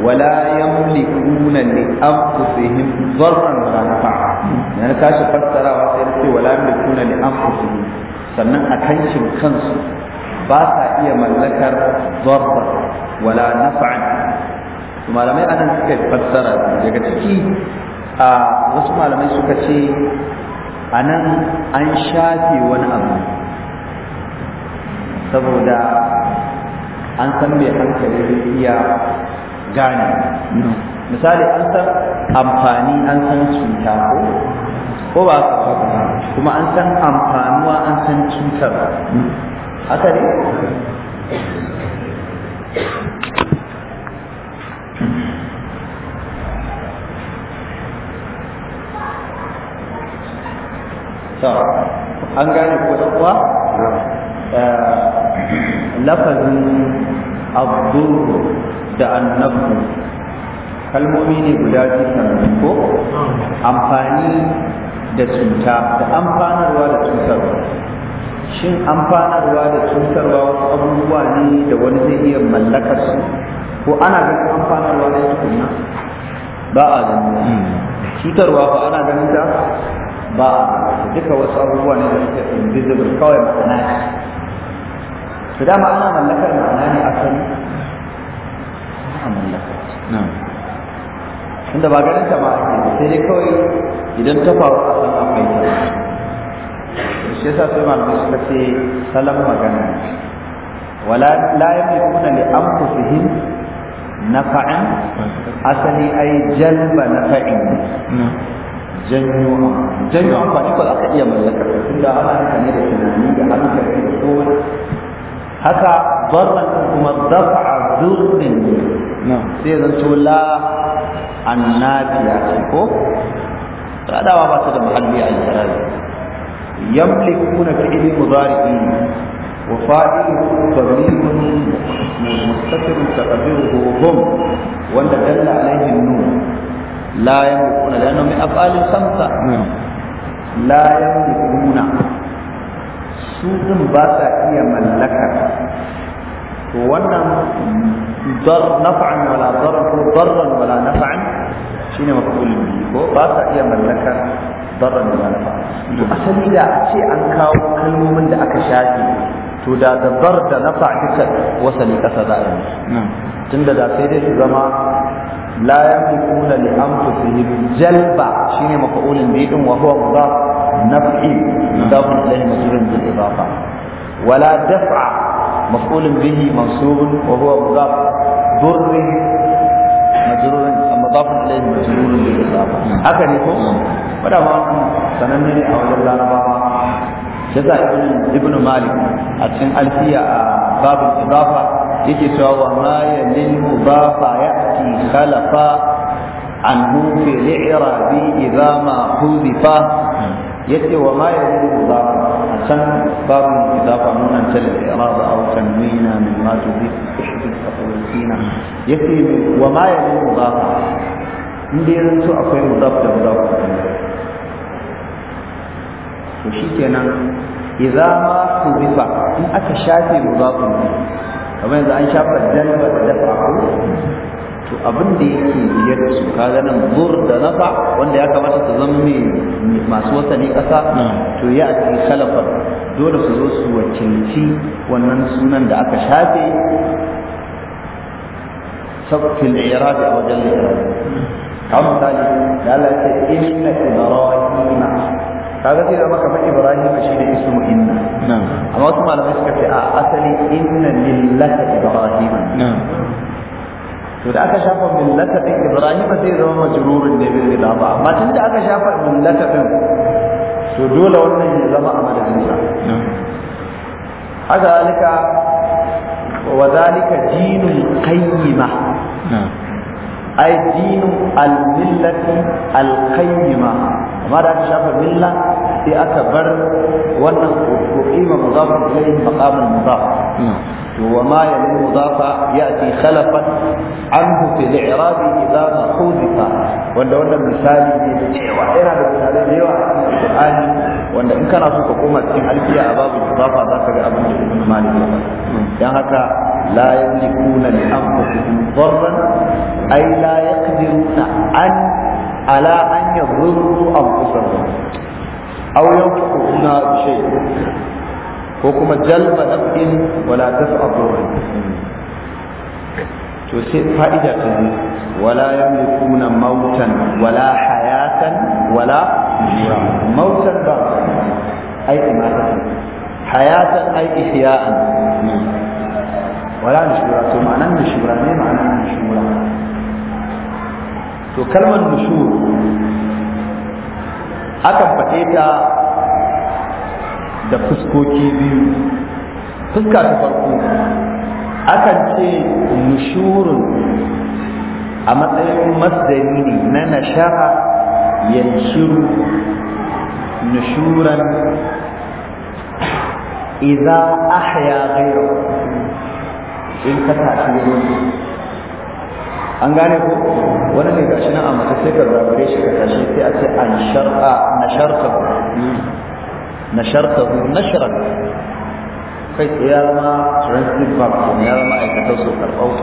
ولا يملكون لأنفسهم ضرا ولا نفعا يعني كاش فسر وسيرتي ولا يملكون لأنفسهم sannan a kancin kansu ba sa iya mallakar zarra wala nafa'an malamai anan suka fassara daga ciki a wasu malamai suka ce anan an shafe wani abu saboda an san mai hankali zai iya gane misali an san amfani an san cuta ko ko ba kuma an san amfanuwa an san cutar haka ne an gane ko da kuwa lafazin abdurru da annabu kalmomi ne guda biyu ko amfani da cuta da amfanarwa da cutarwa shin amfanarwa da cutarwa wasu abubuwa ne da wani zai iya mallakar su ko ana ganin amfanarwa ne tukunna ba a ganin cutarwa ba ana ganin ta ba duka wasu abubuwa ne da suke invisible kawai ma'ana to dama ana mallakar ma'ana ne asali ana mallakar tunda ba ganin ta ba sai dai kawai idan ta faru a san akwai ta shi yasa sai malamai suka ce salon magana wala la yamlikuna li anfusihim nafa'an asali ai jalba nafa'in janyo janyo amfani ko aka iya mallakar tunda ana amfani da tunani da hankali da kowa haka barran kuma dafa zurfin sai zan to la annabiya ce ko radawa ba ta da muhalli a isra'i yamlikuna fi'il mudari'i wa fa'il tabi'un mustatir taqdiruhu hum wanda dalla alaihi nun la yamlikuna lanu min af'al khamsa la yamlikuna su din ba sa iya mallaka to wannan dar wala dar ko darran wala naf'an shine maf'ul bi ko ba sa iya mallaka darran wala naf'an to asali da a ce an kawo kalmomin da aka shafe to da da dar da nafa duka wasali kasa za a yi tunda da sai dai su zama la لا يملكون shine جلبا شيني مفعول به وهو مضاف نفعي مضاف اليه مجرور بالاضافه ولا دفع مفعول به منصوب وهو مضاف ضر مجرور مضاف اليه مجرور بالاضافه هكا يكون ولا ما سنمني او لا نبا جزاء ابن مالك عشان الفيا آه، باب الاضافه يجي سوى وما للمضاف ياتي خلفا عنه في الاعراب اذا ما حذف yace wa ma yaqulu Allah a can babu idafa nunan tal irada aw tanwina min ma tubit ihdith tafsirina yace wa ma yaqulu Allah inda yanzu akwai mudaf da mudaf to shikenan idza ma tubifa in aka shafe mudafin kamar yanzu an shafa jalba da dafa ko to abin da yake biyar da su kaga nan zur da nafa wanda ya kamata su zama mai masu wasani ƙasa to ya ake kalafar dole su zo su wakilci wannan sunan da aka shafe fil irabi a wajen irabi kan misali da Allah ya ce inna ibrahima kaga sai da maka fa ibrahima shine ismu inna amma wasu malamai suka ce a asali inna lillahi ibrahima to da aka shafa millata din ibrahim zai zama majrurun ne bil ilaba amma tun da aka shafa millata din to dole wannan ya zama a madadin sa haka wa zalika dinul qayyima ai al-millati al-qayyima amma da aka shafa milla sai aka bar wannan qayyima mudaf ilayhi maqam al-mudaf وما يلي مضافة يأتي خلفا عنه في الإعراب إذا ما حذف wanda wannan misali ne da cewa yana da misalai da yawa a cikin Qur'ani wanda in kana so ka koma cikin alfiya a babu idafa za ka ga abin da Ibn Malik ya haka la yamlikuna li anfusihim dharran ala ko kuma jalba naf'in wala tas'a dhurrin to sai fa'ida ta ne wala yamlikuna mautan wala hayatan wala mautan ba ai imata hayatan ai ihya'an wala nushura to ma'anan nushura ne ma'anan nushura to kalmar nushur akan faɗe ta da fuskoki biyu fuska ta farko akan ce nushurun a matsayin masdari ne na nashara yanshuru nushuran idza ahya ghayra in ka tafi tashi an gane ko wani ne gashi nan a mace sai ka zabare shi ka tashi sai a ce an shar'a na sharta nashartahu nashran kai ya zama transit back ya zama aikatar su karɓau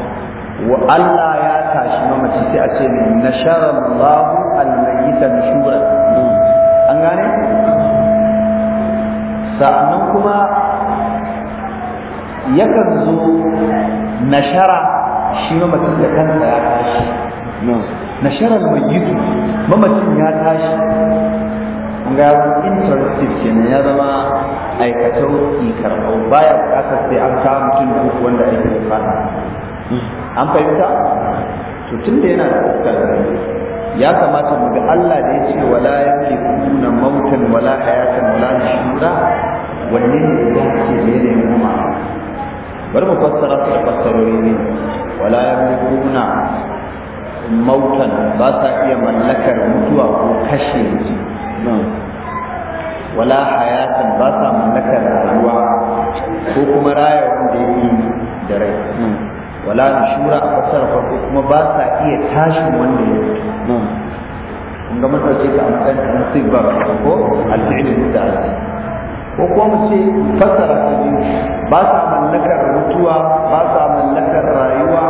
wa Allah ya tashi mamaci sai a ce ne nasharar Allahu al-mayyita nashura an gane sa'annan kuma yakan zo nashara shi mamacin da kansa ya tashi nasharar mayyitu mamacin ya tashi ga interactive kenan ya zama aikatau karɓar baya bukatar sai an kawo mutum da uku wanda ake da fata an fahimta to tun da yana da fuskar ya kamata mu ga Allah da ya ce wala yake kuna mautan wala hayatan wala nishura wanne ne da ke da yanayin kuma bari mu fassara su da fassarori ne wala kuna mautan ba sa iya mallakar mutuwa ko kashe mutum wala hayatan ba sa mallakar rayuwa ko kuma raya wanda yake da rai wala nushura a fasar farko kuma ba sa iya tashin wanda ya mutu kun ga masa ce ka amsan kan sibba ko al-fi'l ko kuma mu ce fasara ta biyu ba sa mallakar mutuwa ba sa mallakar rayuwa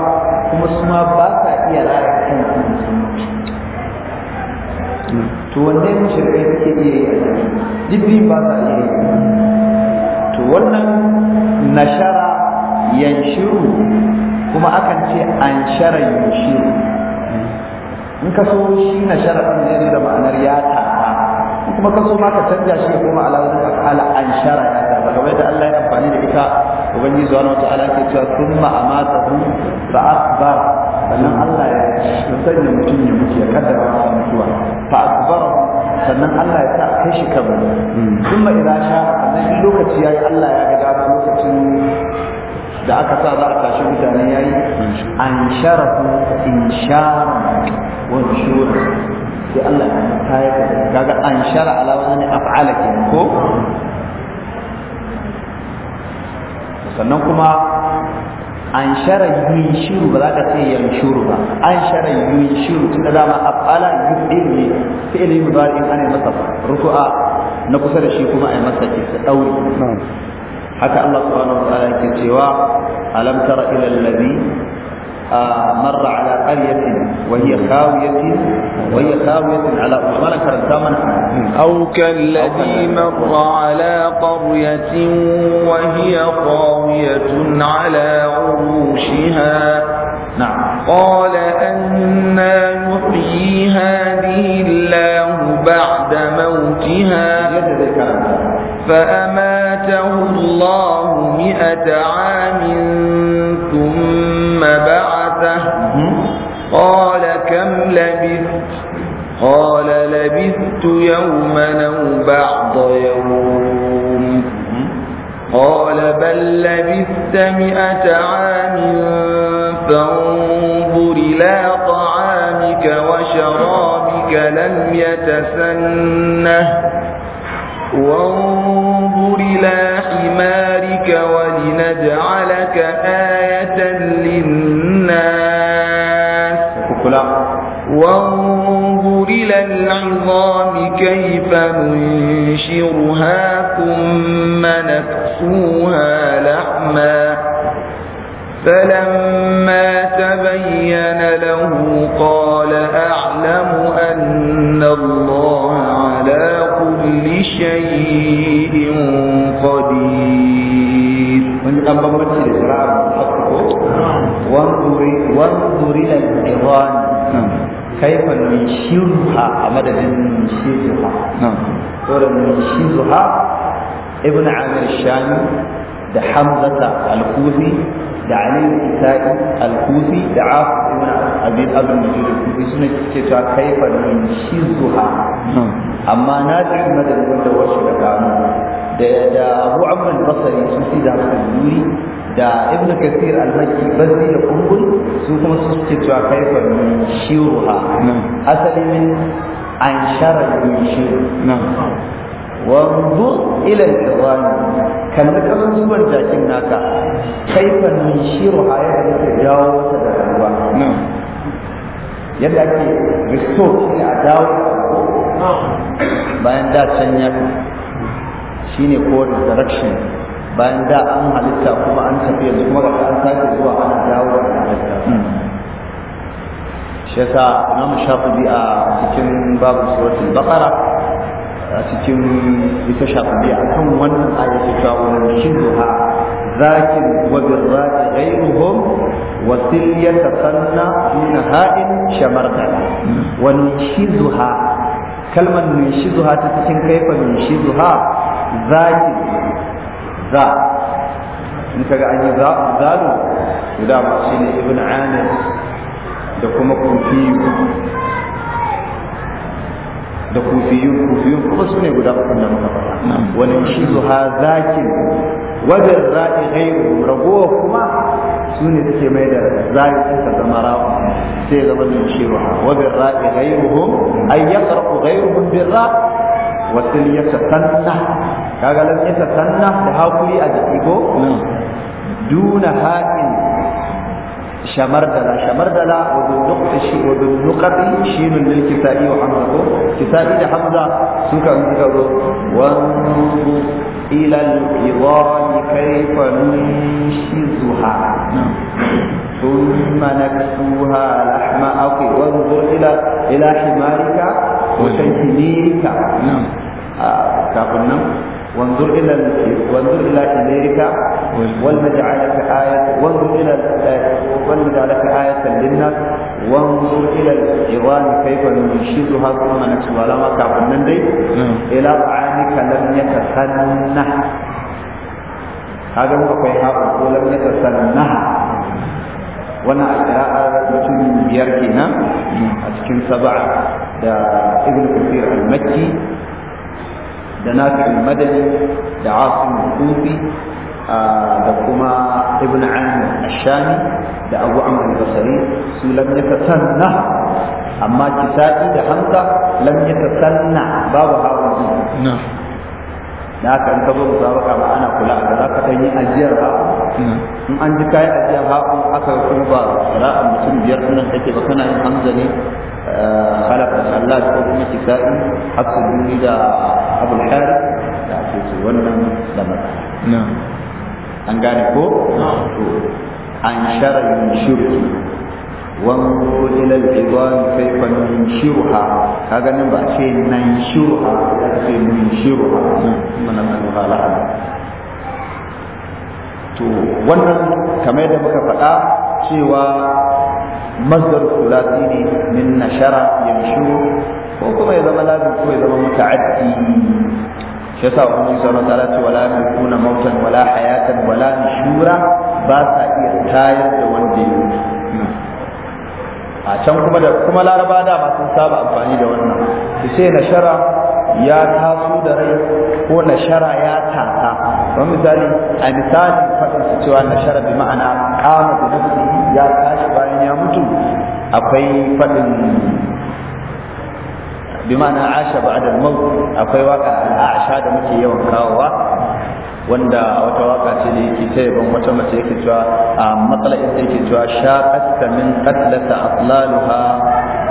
kuma su ma ba sa iya raya kansu to wanne mushrikai kake iya yi a biyu ba za a iya yi to wannan nashara yanshiru kuma akan ce an shara yanshiru in ka so shi nashara ɗin zai da ma'anar ya ta'a kuma ka so ma ka canja shi kuma alawar da ala an shara ya ta'a kamar da Allah ya amfani da ita ubangiji subhanahu wa ta'ala ke cewa thumma amatahu fa akbar sannan Allah ya sanya mutum ya mutu ya kaddara masa mutuwa fa akbar sannan Allah ya sa kai shi kabari kuma idan sha sannan lokaci yayi Allah ya ga dama lokacin da aka sa za a tashi mutane yayi an sharafu inshara wa shura sai Allah ya tayar kaga an shara ala wani af'ala kenan ko sannan kuma an shara yuyin shiru ba za ka ce yan shuru ba an shara yuyin shiru tun da dama afala yudin ne fi'ili mudari ana masa ruku'a na kusa da shi kuma a yi masa ke dauri haka Allah subhanahu wa ta'ala yake cewa alam tara ila allazi مر على قرية وهي خاوية وهي خاوية على أصول أو كالذي مر على قرية وهي خاوية على عروشها نعم قال أنا يحيي هذه الله بعد موتها فأماته الله مئة عام ثم بعد قال كم لبثت قال لبثت يوما أو بعض يوم قال بل لبثت مئة عام فانظر إلى طعامك وشرابك لم يتسنه وانظر إلى حمارك ولنجعلك آية للناس وانظر إلى العظام كيف ننشرها ثم نكسوها لحما فلما تبين له قال أعلم أن الله على كل شيء قدير وانظر إلى العظام نعم. kaifa min shiruha a madadin min shiruha saboda min shiruha ibn amir shani da hamzata al-kufi da ali isa'i al-kufi da af ibn abi abin majid al-kufi suna ce ta kaifa min shiruha amma na ji madadin wanda wasu da kanu da abu amr al-basri sun fi da hasan da ibnu kasir al-makki bazzi da kumbul su kuma su suke cewa kaifa min shiruha asali min an shara min shiru wanzu ila al-izan kan da kasan zuwan jakin naka kaifa min shiruha ya da ke jawo ta da ruwa yadda ake restore shi a dawo bayan da can ya shine ko direction. bayan da an halitta kuma an tafi yanzu kuma ga an sake zuwa ana dawo da halitta hmm. shi yasa imamu shafi'i a cikin babu suratul baqara a cikin ita shafi'i kan wannan ayatu hmm. ta wannan shidduha ذاك وبالراك غيرهم وسلية صنع دون هاء شمرتنا وننشزها كلمة ننشزها تتشن كيف ننشزها zakin. za in kaga an yi zalu to dama shi ne ibn amir da kuma kufiyu da kufiyun kufiyun kuma su ne guda uku da muka wani shi su ha zakin wajen ra'i ghairu ragowa kuma su ne suke mai da zakin ta zama ra'u sai zama min cewa wajen ra'i ghairuhum ay yaqra'u ghairuhum bil ra' wa ta tanta. Ka lalle ta sanna da hakuri a jiki ko hmm. duna haƙin shamardala shamardala wa dun nuqti shi wa dun shi min lil wa hamza ko kitabi da hamza sun ka ji gado wa ila al idani kayfa nushizuha ثم نكسوها لحم أخي وانظر إلى إلى حمارك وسيفيك نعم آه كافر نعم وانظر إلى وانظر إلى إليك ولنجعلك آية وانظر إلى ولنجعلك آية للناس وانظر إلى العظام كيف ننشدها ثم نكسوها لما كعبنا دي إلى طعامك لم يتسنه هذا هو في حق ولم يتسنه wannan a kira'ar mutum biyar kenan a cikin saba'a da ibn kafir al-makki da nafi madani da asim al-kufi da kuma ibn amir ashami da abu amr al-basri su lam yatasanna amma kisa'i da hamza lam yatasanna babu hawan na da haka in ka zo musabaka ma ana kula da za ka yi ajiyar ha in an ji kayan ajiyar ha aka kuma ba ra'an mutum biyar ɗin take ba kana yin hamza ne خلق الخلاق ko kuma kitabi hakku duni da abu hari da ake wannan da mata an gane ko to an shara min shirki wa ila al ibad kayfa min shirha kaga nan ba ce nan shirha da ce min shirha mana man hala to wannan kamar da muka faɗa cewa masdar sulasi ne min nashara yamshu ko kuma ya zama lazim ko ya zama muta'addi shi yasa ubangiji sallallahu alaihi wasallam wala yakuna mautan wala hayatan wala nushura ba sa iya tayar da wanda ya a can kuma da kuma da ba sun saba amfani da wannan su ce nashara ya taso da rai ko nashara ya misali a misali faɗin su cewa nashara bi ma'ana kama da ya ya mutu akwai faɗin bi ma'ana asha ba'da al akwai waka asha da muke yawan kawowa wanda wata waka ce da yake ta yaban wata mace yake cewa a matsala ita yake cewa shaqatka min qatlata atlaluha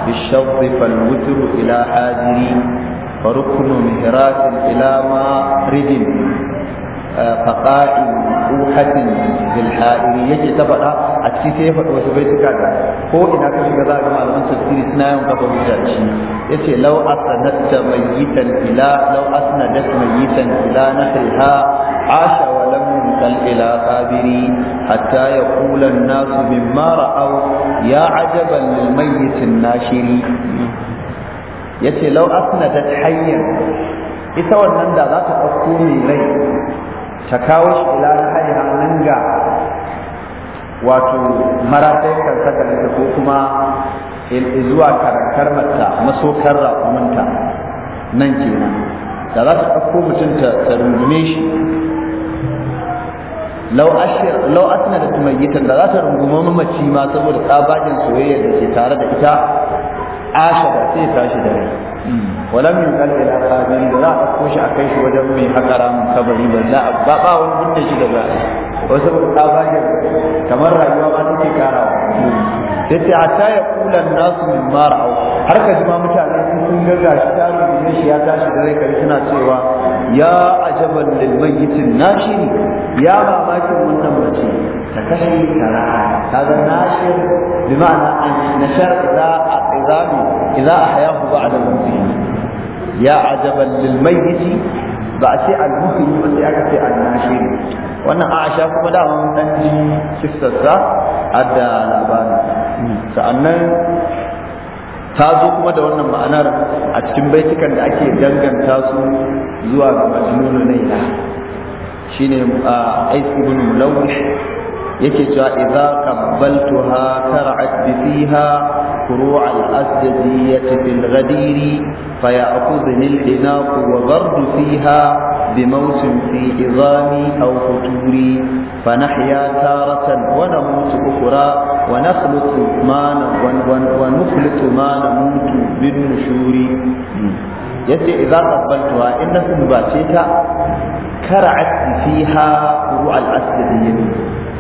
bi shawd fal wutru ila hadiri fa ruknu mihrat ila ma ridin faqa'i uhatin bil hadiri yake ta faɗa a ciki sai ya faɗi wasu baituka da ko ina ka shiga za ga malaman tafsiri suna yawan kafa hujja da shi yace law asnadatta mayitan ila law asnadat mayitan ila nahriha asha wa lam yunkal ila qabiri hatta ya yaqula nasu min mara au. ya ajaban lil mayyit an-nashiri yace law asnadat hayyan ita wannan da za ta ɗauko mai rai ta kawo shi ila nahriha nan ga wato marasai kan saka da ko kuma zuwa karakar mata masokar rakumanta nan kenan da za ta ɗauko mutum ta rungume shi lau asna da tumayyitan da za ta rungume mamaci ma saboda tsabagen soyayya da ke tare da ita ashara sai tashi da rai walam yuqal ila qabiri da za a ɗauko shi a kai shi wajen mai hakara mun kabari ba za a ba wani bunne shi da za a wasu tsabagen kamar rayuwa ma take karawa yace hatta ya kula nasu min mara'u har ka ji ma mutane sun ga gashi ta rubuce shi ya tashi da rai kare suna cewa ya ajaban lil mayyitin nashiri ya mamakin wannan mace ta kashe kara kaga nashir bi ma'ana an nashar idza idza idza ahyahu ba'da mawtihi ya ajaban lil mayyiti ba a ce al-mukmini ba sai aka ce al-nashir wannan Aisha kuma da mun dan ji kissarsa adda labari hmm. sa'annan ta zo kuma da wannan ma'anar a cikin baitukan da ake danganta su zuwa ga majnunu laila shine Ais ibn Mulawih yake cewa idza qabbaltuha tar'at biha فروع الأسدية في الغدير فيأخذني العناق وغرد فيها بموت في عظامي أو فتوري فنحيا تارة ونموت أخرى ونخلق ما ونخلق ما نموت بالنشور yace idza qabbaltuha in na sumbace ta kara'at fiha ru'al asdiyya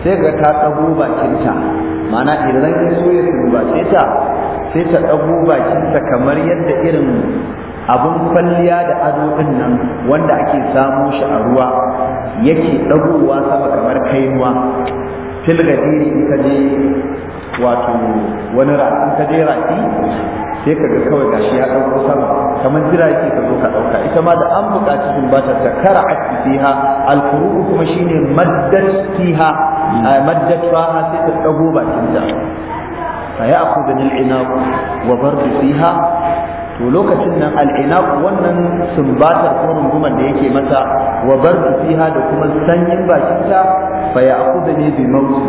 sai ga ta tsago bakin ta ma'ana idan ya so ya sumbace ta sai ta ɗago bakinta kamar yadda irin abin kwalliya da ado ɗin nan wanda ake samu shi a ruwa yake ɗagowa sama kamar kaiwa fil gadiri in ka je wato wani rafi ka je rafi sai ka ga kawai gashi ya ɗauko sama kamar yake ka zo ka ɗauka ita ma da an buƙaci sun bata ta kara a fiha alfuru kuma shine maddat fiha maddat faha sai ta ɗago bakin ta fa ya'khudhu al-inaq wa da fiha to lokacin nan al-inaq wannan sumbatar ko runguman da yake mata wa bar da fiha da kuma sanyin bakin ta fa ya'khudhu ni bi mawt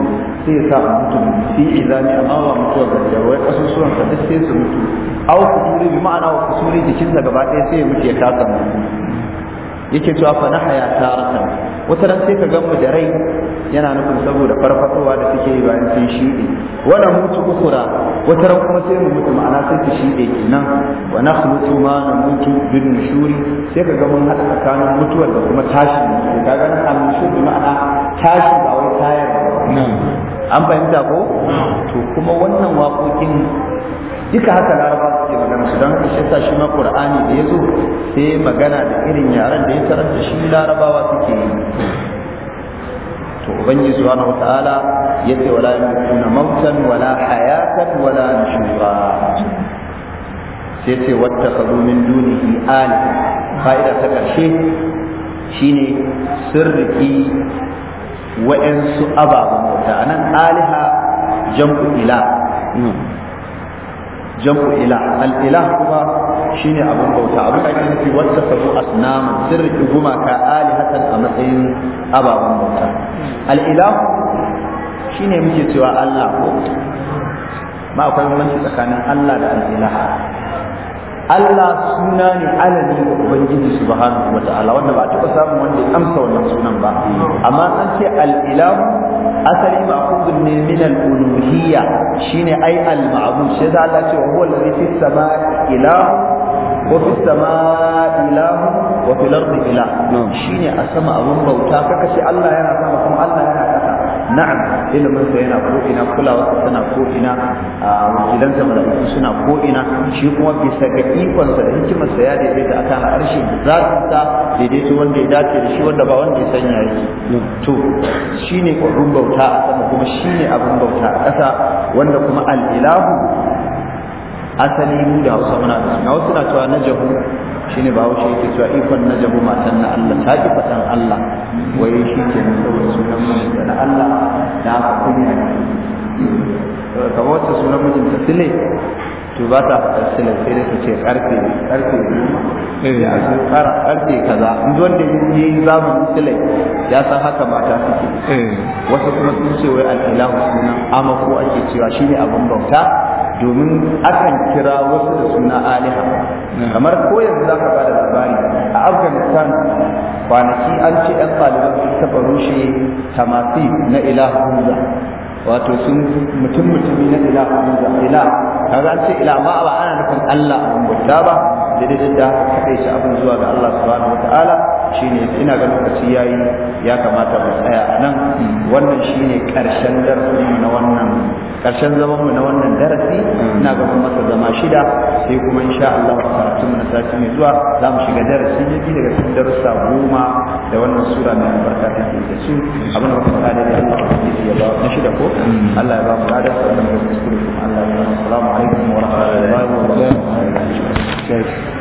sai ya sa a mutu fi izami amma wa mutuwa da wai kasusuwan sa sai su mutu au kuturi bi ma'ana wa kusuri jikin sa gaba ɗaya sai ya mutu ya kasa mutu yake cewa fa nahaya taratan wata ran sai ka ga mu da rai yana nufin saboda farfatowa da suke yi bayan sun shiɗe wala mutu ukhra wata ran kuma sai mu mutu ma'ana sai ta shiɗe kenan wa nakhlutu ma namutu bin nushuri sai ka ga mun hada tsakanin mutuwar da kuma tashi ka ga nan al-nushur ma'ana tashi ba wai tayar an fahimta ko to kuma wannan waƙoƙin duka haka laraba suke magana su don haka shi shi ma qur'ani da yazo sai magana da irin yaran da ya tarar da shi larabawa suke yi to ubangiji subhanahu wataala yace wala yamutuna mautan wala hayatan wala nushura sai ce wattakhadhu min dunihi alaha fa'ida ta karshe shine sirriki wa'ansu ababen bauta anan alaha jam'u ila hmm. jam'u ila al ilah kuma shine abun bauta abun da ake nufi wacce sabu asnam sirri gumaka alihatan a matsayin ababen bauta al ilah shine muke cewa Allah ko ma akwai bambanci tsakanin Allah da al ilah Allah suna ne alami ga Ubangiji subhanahu wa ta'ala wanda ba taɓa samun wanda ya amsa wannan sunan ba amma an ce al ilah asali ma'khudun ne min al uluhiyya shine ai al-ma'bud shi da Allah ce wa huwa allazi fis samai ilahu wa fis samai ilahu wa fil ardi ilah shine abun bauta kaka ce ya yana sama kuma Allah yana na'am ilimin sa yana ko ina kulawa suna ko ina wakilan sa mala'iku suna ko ina shi kuma bisa ga ikon sa da hikimar sa ya daidaita akan harshe su sa daidaito wanda ya dace da shi wanda ba wanda ya sanya yake to shine ƙwarin bauta a sama kuma shine abin bauta a ƙasa wanda kuma al-ilahu asali mu da Hausa muna da suna wasu na cewa jahu shine ba wuce yake cewa ikon na jabu matan na Allah ta ki faɗan Allah wai shi ke nan da sunan mijinta na Allah da aka kuma ne ka wata sunan mijinta sile to ba ta faɗar sile sai da ta ce karfe-karfe. Eh. ya zo kara karfe kaza in da ni yi mu sile ya san haka mata suke eh. wasu kuma sun ce wai al'ilahu sunan amako ake cewa shine abin bauta domin akan kira wasu da suna aliha kamar ko yanzu za ka ba da labari a afghanistan kwanaki an ce 'yan ɗaliban sun taɓa rushe tamasi na ilah hamza wato sun mutum mutumi na ilah hamza ilah kaga an ce ilah ma ba ana nufin allah a bauta ba da da haka kaɗai shi abin zuwa ga allah subhanahu wa ta'ala shine ina ga lokaci yayi ya kamata mu tsaya nan wannan shine karshen darasi na wannan karshen zaman mu na wannan darasi ina ga kuma masa zama shida sai kuma insha Allah karatu mu na sati mai zuwa za mu shiga darasi ne bi daga cikin darussa goma da wannan sura mai albarka ta ke da su abin da muka fada da Allah yi ya ba na shida ko Allah ya ba mu ladan sallallahu alaihi wa sallam Allah ya ba mu assalamu alaikum wa rahmatullahi wa barakatuh